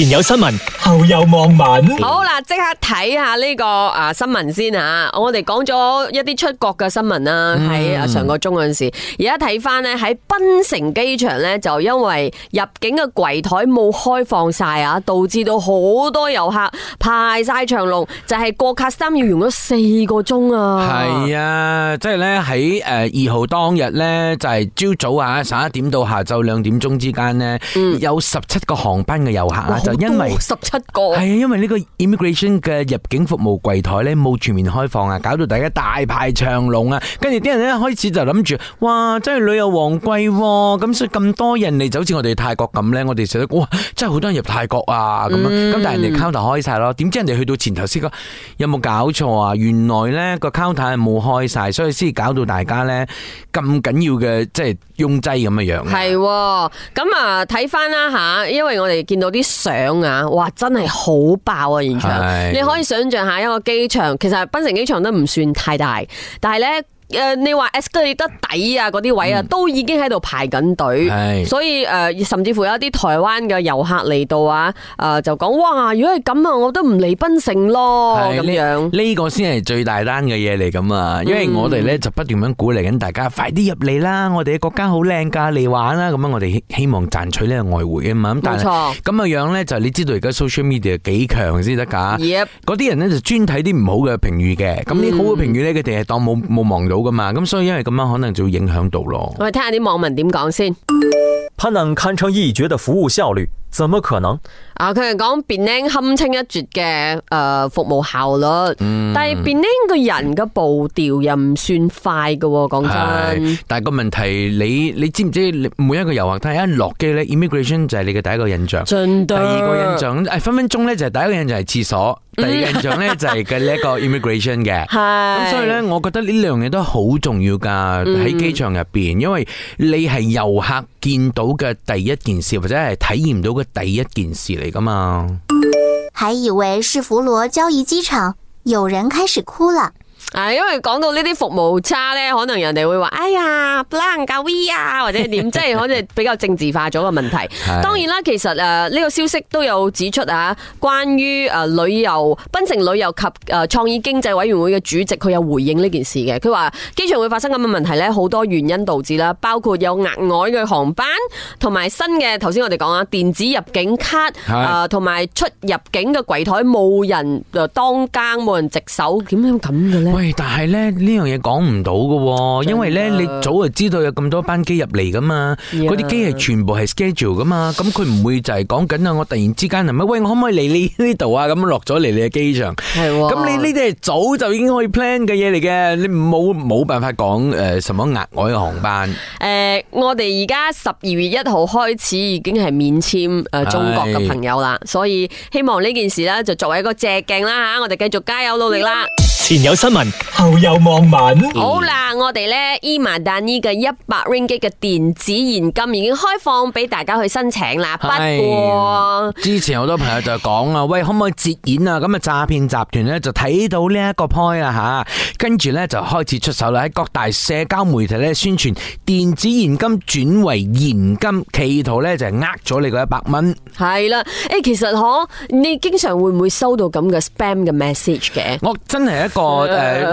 前有新聞，後有網民。好啦，即刻睇下呢個啊新聞先吓。我哋講咗一啲出國嘅新聞啦，係啊，上個鐘嗰陣時，的時候，而家睇翻呢，喺檳城機場呢，就因為入境嘅櫃檯冇開放晒啊，導致到好多遊客排晒長龍，就係、是、過卡三要用咗四個鐘啊。係啊，即係呢，喺誒二號當日呢，就係、是、朝早啊十一點到下晝兩點鐘之間呢，有十七個航班嘅遊客啊。嗯就因為十七個，係啊，因為呢個 Immigration 嘅入境服務櫃枱咧冇全面開放啊，搞到大家大排長龍啊。跟住啲人咧開始就諗住，哇，真係旅遊旺季喎，咁所以咁多人嚟，就好似我哋泰國咁咧，我哋就覺得哇，真係好多人入泰國啊咁樣。咁但係人哋 counter 開曬咯，點知人哋去到前頭先講，有冇搞錯啊？原來咧個 counter 係冇開曬，所以先搞到大家咧咁緊要嘅，即係擁擠咁嘅樣。係喎，咁啊睇翻啦嚇，因為我哋見到啲石。啊！哇，真係好爆啊！現場，啊、你可以想象下一個機場，其實檳城機場都唔算太大，但係呢。誒、呃，你話 S 哥亦得底啊，嗰啲位啊，都已經喺度排緊隊，所以誒、呃，甚至乎有啲台灣嘅遊客嚟到啊，誒、呃，就講哇，如果係咁啊，我都唔嚟檳城咯，咁樣呢個先係最大單嘅嘢嚟咁啊，因為我哋咧就不斷咁鼓勵緊大家，嗯、快啲入嚟啦，我哋嘅國家好靚噶，嚟玩啦，咁樣我哋希望賺取呢個外匯啊嘛，咁但係咁嘅樣咧就你知道而家 social media 幾強先得噶，嗰、yep, 啲人咧就專睇啲唔好嘅評語嘅，咁啲好嘅評語咧佢哋係當冇冇望到。好噶嘛，咁所以因為咁樣可能就會影響到咯。我哋聽下啲網民點講先。潘能堪稱一絕嘅服務效率。怎麼可能啊？佢係講 Penang 堪稱一絕嘅，誒、呃、服務效率，嗯、但係 Penang 個人嘅步調又唔算快嘅。講真是，但係個問題，你你知唔知？每一個遊客，他一落機咧，immigration 就係你嘅第一個印象。第二個印象分分鐘咧就係第一個印象係廁所，第二個印象咧、哎、就係嘅呢一個、個 immigration 嘅的。係 咁，所以咧，我覺得呢兩樣嘢都好重要噶。喺機場入邊、嗯，因為你係遊客見到嘅第一件事，或者係體驗到。第一件事嚟噶嘛？還以為是佛羅交易機場，有人開始哭了。啊，因為講到呢啲服務差咧，可能人哋會話哎呀 black and white 啊， 或者點，即係可能比較政治化咗個問題。 當然啦，其實誒呢、呃這個消息都有指出啊，關於誒、呃、旅遊，檳城旅遊及誒創、呃、意經濟委員會嘅主席，佢有回應呢件事嘅。佢話機場會發生咁嘅問題咧，好多原因導致啦，包括有額外嘅航班，同埋新嘅頭先我哋講啊，電子入境卡，同 埋、呃、出入境嘅櫃台冇人、呃、當更冇人值守，點樣咁嘅咧？喂，但係咧呢樣嘢講唔到噶，因為咧你早就知道有咁多班機入嚟噶嘛，嗰啲機係全部係 schedule 噶嘛，咁佢唔會就係講緊啊，我突然之間係咪喂我可唔可以嚟你呢度啊？咁落咗嚟你嘅機場，係咁你呢啲係早就已經可以 plan 嘅嘢嚟嘅，你冇冇辦法講誒什麼額外嘅航班？誒、呃，我哋而家十二月一號開始已經係免簽誒中國嘅朋友啦，所以希望呢件事呢，就作為一個借鏡啦吓，我哋繼續加油努力啦。前有新聞，後有網民。好啦，我哋咧 eMadani 嘅一百 Ringgit 嘅電子現金已經開放俾大家去申請啦。不過之前好多朋友就講啊，喂，可唔可以截演啊？咁啊，詐騙集團咧就睇到呢一個 point 啦吓，跟住咧就開始出手啦。喺各大社交媒體咧宣傳電子現金轉為現金，企圖咧就係呃咗你嗰一百蚊。係啦，誒，其實可你經常會唔會收到咁嘅 spam 嘅 message 嘅？我真係一。個誒，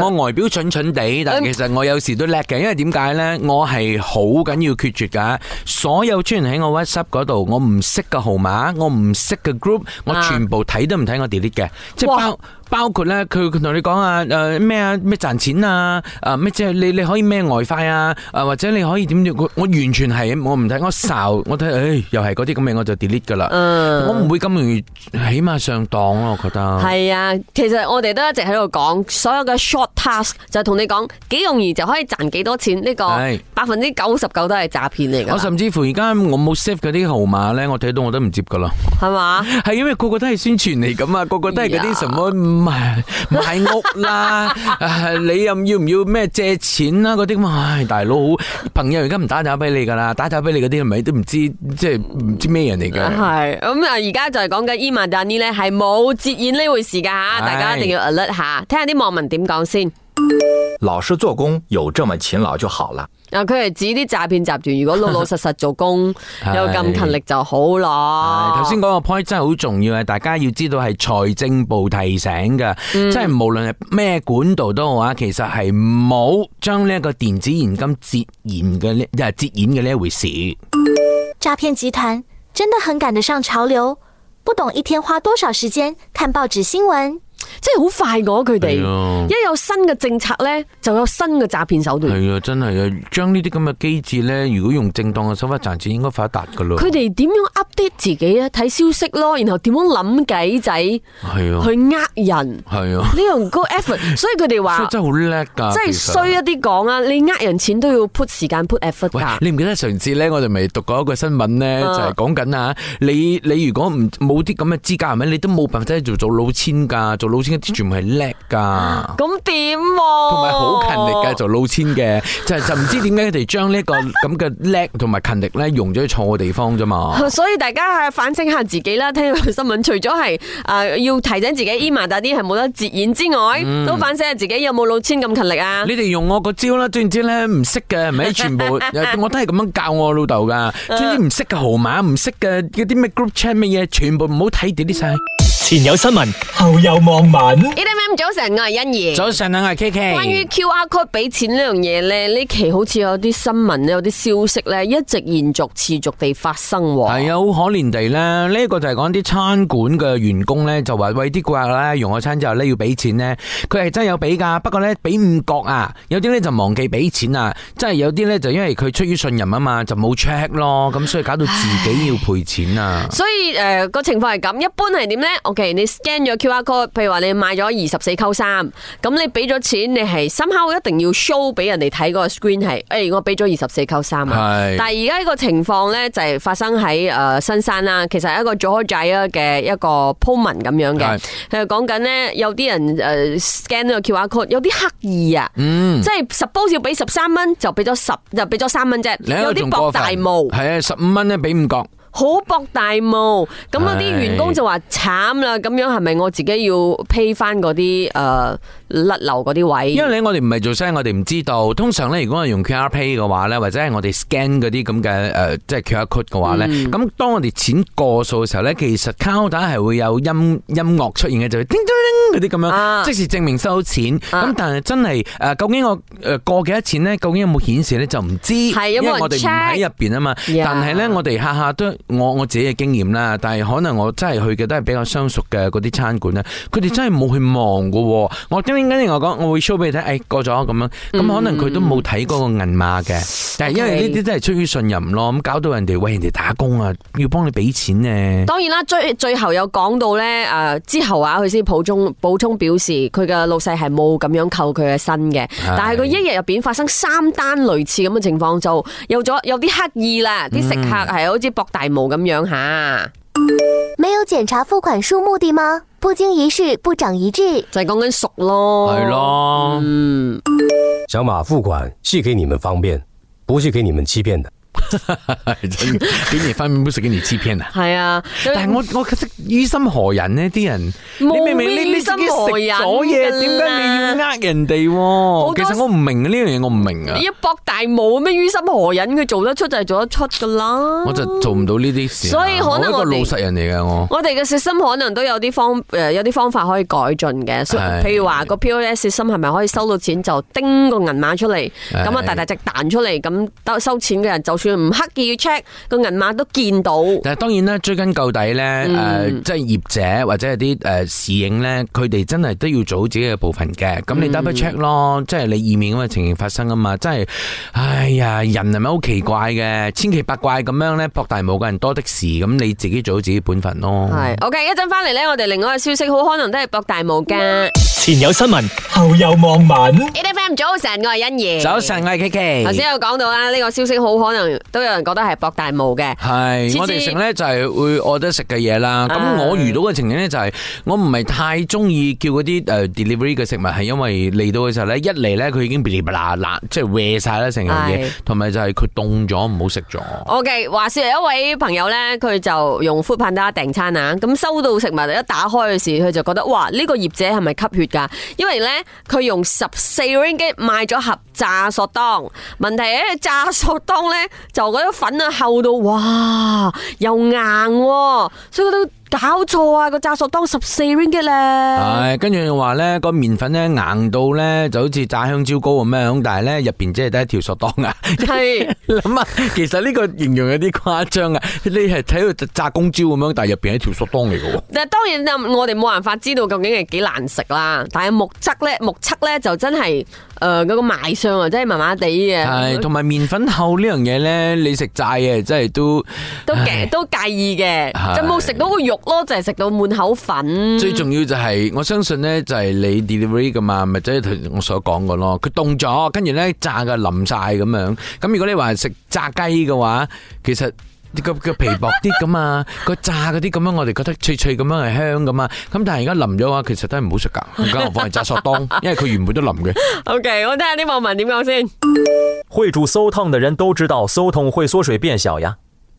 我外表蠢蠢地，但其實我有時都叻嘅，因為點解咧？我係好緊要決絕㗎，所有出現喺我 WhatsApp 嗰度，我唔識嘅號碼，我唔識嘅 group，我全部睇都唔睇我 delete 嘅，即係包。包括咧，佢佢同你講啊，誒咩啊，咩賺錢啊，誒咩即係你你可以咩外快啊，誒或者你可以點點，我我完全係我唔睇，我掃我睇，誒又係嗰啲咁嘅我就 delete 噶啦，我唔會咁容易起碼上當咯，我覺得係啊，其實我哋都一直喺度講，所有嘅 short task 就係同你講幾容易就可以賺幾多錢，呢個百分之九十九都係詐騙嚟噶。我甚至乎而家我冇 save 嗰啲號碼咧，我睇到我都唔接噶啦，係嘛？係因為個個都係宣傳嚟咁啊，個個都係嗰啲什麼。唔係買屋啦， 你又要唔要咩借錢啦嗰啲嘛？大佬，朋友而家唔打電話俾你噶啦，打電話俾你嗰啲係咪都唔知即係唔知咩人嚟噶？係咁啊！而家就係講緊 eMadani 咧，係冇接演呢回事噶吓，大家一定要 alert 一下，聽下啲網民點講先。老實做工有這麼勤勞就好了。啊，佢係指啲詐騙集團，如果老老實實做工有咁 勤力就好啦。頭先嗰個 point 真係好重要啊，大家要知道係財政部提醒嘅，即係無論係咩管道都好啊，其實係冇將呢一個電子現金折現嘅呢就係折現嘅呢一回事。詐騙集團真的很趕得上潮流，不懂一天花多少時間看報紙新聞。即係好快過佢哋，一有新嘅政策咧，就有新嘅詐騙手段。係啊，真係啊，將呢啲咁嘅機智咧，如果用正當嘅手法賺錢應該，應該快一達噶咯。佢哋點樣 update 自己啊？睇消息咯，然後點樣諗計仔？係啊，去呃人。係啊，呢、這、樣個 effort，所以佢哋話真係好叻噶，即係衰一啲講啊！你呃人錢都要 put 時間 put effort。你唔記得上次咧，我就咪讀過一個新聞咧、啊，就係講緊啊，你你如果唔冇啲咁嘅資格，係咪你都冇辦法做做老千噶？做老千。全部係叻噶，咁點，啊？同埋好勤力嘅，就老千嘅， 就就唔知點解佢哋將呢個咁嘅叻同埋勤力咧，用咗去錯嘅地方啫嘛。所以大家反省下自己啦。聽到個新聞，除咗係誒要提醒自己，eMadani 嗰啲係冇得截演之外，嗯，都反省下自己有冇老千咁勤力啊？你哋用我個招啦，知唔知咧？唔識嘅，咪全部 我都係咁樣教我老豆噶。知唔唔識嘅號碼，唔識嘅嗰啲咩 group chat 咩嘢，全部唔好睇住啲晒。 前有新聞，後有網民。E.T.M. 早上，我係欣怡。早上咧，我係 KK。關於 QR code 俾錢呢樣嘢咧，呢期好似有啲新聞，有啲消息咧，一直延續持續地發生。係啊，好可憐地咧，呢個就係講啲餐館嘅員工咧，就話喂啲顧客咧用完餐之後咧要俾錢呢，佢係真係有俾噶，不過咧俾五角啊，有啲咧就忘記俾錢啊，真係有啲咧就因為佢出於信任啊嘛，就冇 check 咯，咁所以搞到自己要賠錢啊。所以誒個、呃、情況係咁，一般係點咧？Okay, 你 scan 咗 QR code，譬如話你買咗二十四扣三，咁你俾咗錢，你係深刻一定要 show 俾人哋睇嗰個 screen 係，誒、欸，我俾咗二十四扣三。係。但係而家呢個情況咧就係發生喺誒、呃、新山啦，其實一個左仔啊嘅一個鋪文咁樣嘅，佢就講緊咧有啲人誒 scan 呢個 QR code 有啲刻意啊，嗯、即係十包要俾十三蚊，就俾咗十，就俾咗三蚊啫，有啲博大霧，係啊，十五蚊咧俾五角。好博大霧，咁嗰啲員工就話慘啦，咁樣係咪我自己要 pay 翻嗰啲誒甩漏嗰啲位？因為咧我哋唔係做生意，我哋唔知道。通常咧，如果我用 QR pay 嘅話咧，或者係我哋 scan 嗰啲咁嘅誒，即係 QR code 嘅話咧，咁、嗯、當我哋錢過數嘅時候咧，其實 count down 係會有音音樂出現嘅，就係、是、叮叮叮嗰啲咁樣，即是證明收錢。咁、啊、但係真係誒，究竟我誒過幾多錢咧？究竟有冇顯示咧？就唔知有有，因為我哋唔喺入邊啊嘛。Yeah. 但係咧，我哋下下都。我我自己嘅經驗啦，但係可能我真係去嘅都係比較相熟嘅嗰啲餐館咧，佢哋真係冇去望嘅。我點解我講，我會 show 俾你睇，誒、哎、過咗咁樣，咁可能佢都冇睇嗰個銀碼嘅。但係因為呢啲都係出於信任咯，咁搞到人哋喂人哋打工啊，要幫你俾錢呢、啊。當然啦，最最後有講到咧，誒之後啊，佢先補充補充表示，佢嘅老細係冇咁樣扣佢嘅薪嘅。但係佢一日入邊發生三單類似咁嘅情況，就有咗有啲刻意啦，啲、嗯、食客係好似博大。冇咁樣吓，沒有檢查付款數目的嗎？不經一事不長一智，再講緊熟咯，係咯。嗯。小馬付款是給你們方便，不是給你們欺騙的。哈 哈回，係真嘅。俾你翻面唔食，俾你欺騙啊！係啊，但係我我覺得於心何忍呢？啲人，人你明明你你自己食咗嘢，點解你要呃人哋？其實我唔明呢樣嘢我唔明啊！你一博大冇咩？於心何忍？佢做得出就係做得出噶啦。我就做唔到呢啲事，所以可能我，我個老實人嚟嘅我我哋嘅系統可能都有啲方有啲方法可以改進嘅。所以唉唉唉譬如話個 POS 系統係咪可以收到錢就叮個銀碼出嚟，咁啊大大隻彈出嚟，咁收收錢嘅人就。全唔刻意要 check 個銀碼都見到。但係當然啦，追根究底咧，誒、嗯，即、呃、係業者或者係啲誒侍應咧，佢哋真係都要做好自己嘅部分嘅。咁你 double check 咯，嗯、即係你意面咁嘅情形發生啊嘛，真係，哎呀，人係咪好奇怪嘅？千奇百怪咁樣咧，博大霧嘅人多的是，咁你自己做好自己的本分咯。係，OK，一陣翻嚟咧，我哋另外嘅消息好可能都係博大霧嘅。前有新聞，後有網民。A. T. M. 早晨我係欣怡，早晨我係琪琪。頭先有講到啦，呢個消息好可能都有人覺得係博大霧嘅。係我哋食咧就係會愛得食嘅嘢啦。咁我遇到嘅情景咧就係我唔係太中意叫嗰啲誒 delivery 嘅食物，係因為嚟到嘅時候咧一嚟咧佢已經嗶哩吧啦爛，即係壞晒啦成樣嘢，同埋就係佢凍咗唔好食咗。O. K. 話說有一位朋友咧，佢就用 Food Panda 訂餐啊，咁收到食物一打開嘅時，佢就覺得哇呢個業者係咪吸血？因為咧，佢用十四令吉賣咗盒炸蘇東，問題咧，炸蘇東咧就嗰啲粉啊厚到哇，又硬啊，所以都。搞錯啊！個炸蘇東十四令吉咧，係跟住又話咧個麵粉咧硬到咧就好似炸香蕉糕咁樣，但係咧入邊即係得一條蘇東啊，係諗啊，其實呢個形容有啲誇張啊！你係睇到炸公蕉咁樣，但係入邊係條蘇東嚟嘅。但當然我哋冇辦法知道究竟係幾難食啦。但係目測咧，目測咧就真係誒嗰個賣相啊，真係麻麻地嘅。係同埋麵粉厚呢樣嘢咧，你食炸嘢真係都都介都介意嘅，就冇食到個肉。咯就係食到滿口粉。最重要就係我相信咧就係你 delivery 噶嘛，咪即係我所講個咯。佢凍咗，跟住咧炸嘅淋晒咁樣。咁如果你話食炸雞嘅話，其實個個皮薄啲噶嘛，個 炸嗰啲咁樣我哋覺得脆脆咁樣係香噶嘛。咁但係而家淋咗啊，其實都係唔好食噶。而家我放係炸蘇東， 因為佢原本都淋嘅。OK，我聽下啲網民點講先。會煮蘇東嘅人都知道，蘇東會縮水變小呀。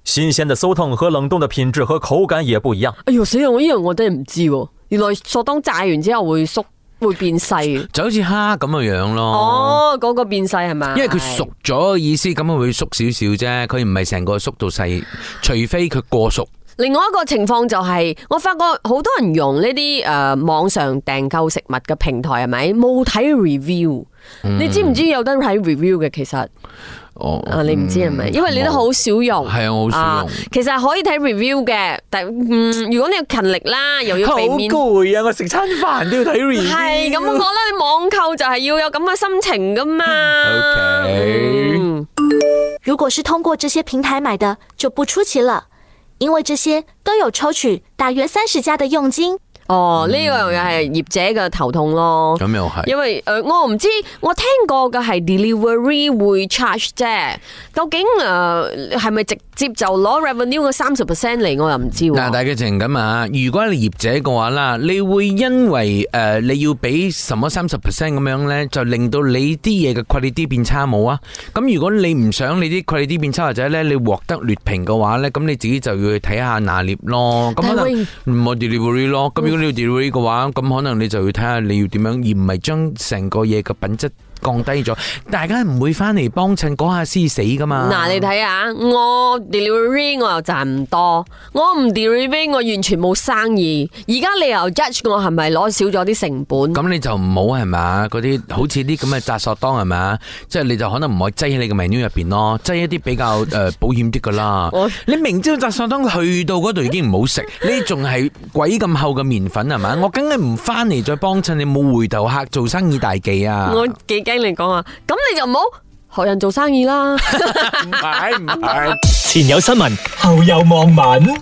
新鮮的蘇東和冷凍的品質和口感也不一樣。哎呀死啦！我呢樣我真係唔知喎，原來蘇東炸完之後會縮會變細，就好似蝦咁嘅樣咯。哦，嗰、那個變細係嘛？因為佢熟咗意思點點，咁樣會縮少少啫，佢唔係成個縮到細，除非佢過熟。另外一個情況就係、是，我發覺好多人用呢啲誒網上訂購食物嘅平台係咪冇睇 review？、嗯、你知唔知有得睇 review 嘅？其實哦，啊你唔知係咪、嗯？因為你都好少用，係、嗯、啊，好少用。其實可以睇 review 嘅，但、嗯、如果你要勤力啦，又要避免好攰啊！我食餐飯都要睇 review，係咁 我覺得你網購就係要有咁嘅心情噶嘛、 okay 嗯。如果是通過這些平台買的，就不出奇了。因為這些都有抽取大約三十家的佣金。哦，呢、這個又係業者嘅頭痛咯。咁又係，因為誒、呃、我唔知道我聽過嘅係 delivery 會 charge 啫，究竟誒係咪值？接就攞 revenue 嘅三十 percent 嚟，我又唔知，啊。嗱，大家情咁啊！如果係業者嘅話啦，你會因為誒你要俾什麼三十 percent 咁樣咧，就令到你啲嘢嘅 quality 變差冇啊？咁如果你唔想你啲 quality 變差或者咧，就是、你獲得劣評嘅話咧，咁你自己就要去睇下拿捏咯。咁可能唔 delivery 咯。咁如果你要 delivery 嘅話，咁可能你就要睇下你要點樣，而唔係將成個嘢嘅品質降低咗，大家唔會翻嚟幫襯，嗰下先死噶嘛？嗱，你睇下，我 delivery 我又賺唔多，我唔 delivery 我完全冇生意。而家你又 judge 我係咪攞少咗啲成本？咁你就唔好係咪？嗰啲好似啲咁嘅炸蘇東係咪？即係、就是、你就可能唔可以擠喺你嘅 menu 入邊咯，擠一啲比較誒、呃、保險啲噶啦。 你明知道炸蘇東去到嗰度已經唔好食， 你仲係鬼咁厚嘅麵粉係咪？我梗係唔翻嚟再幫襯，你冇回頭客做生意大忌啊！我你咁你就唔好學人做生意啦。 唔係唔係，前有新聞，後有網民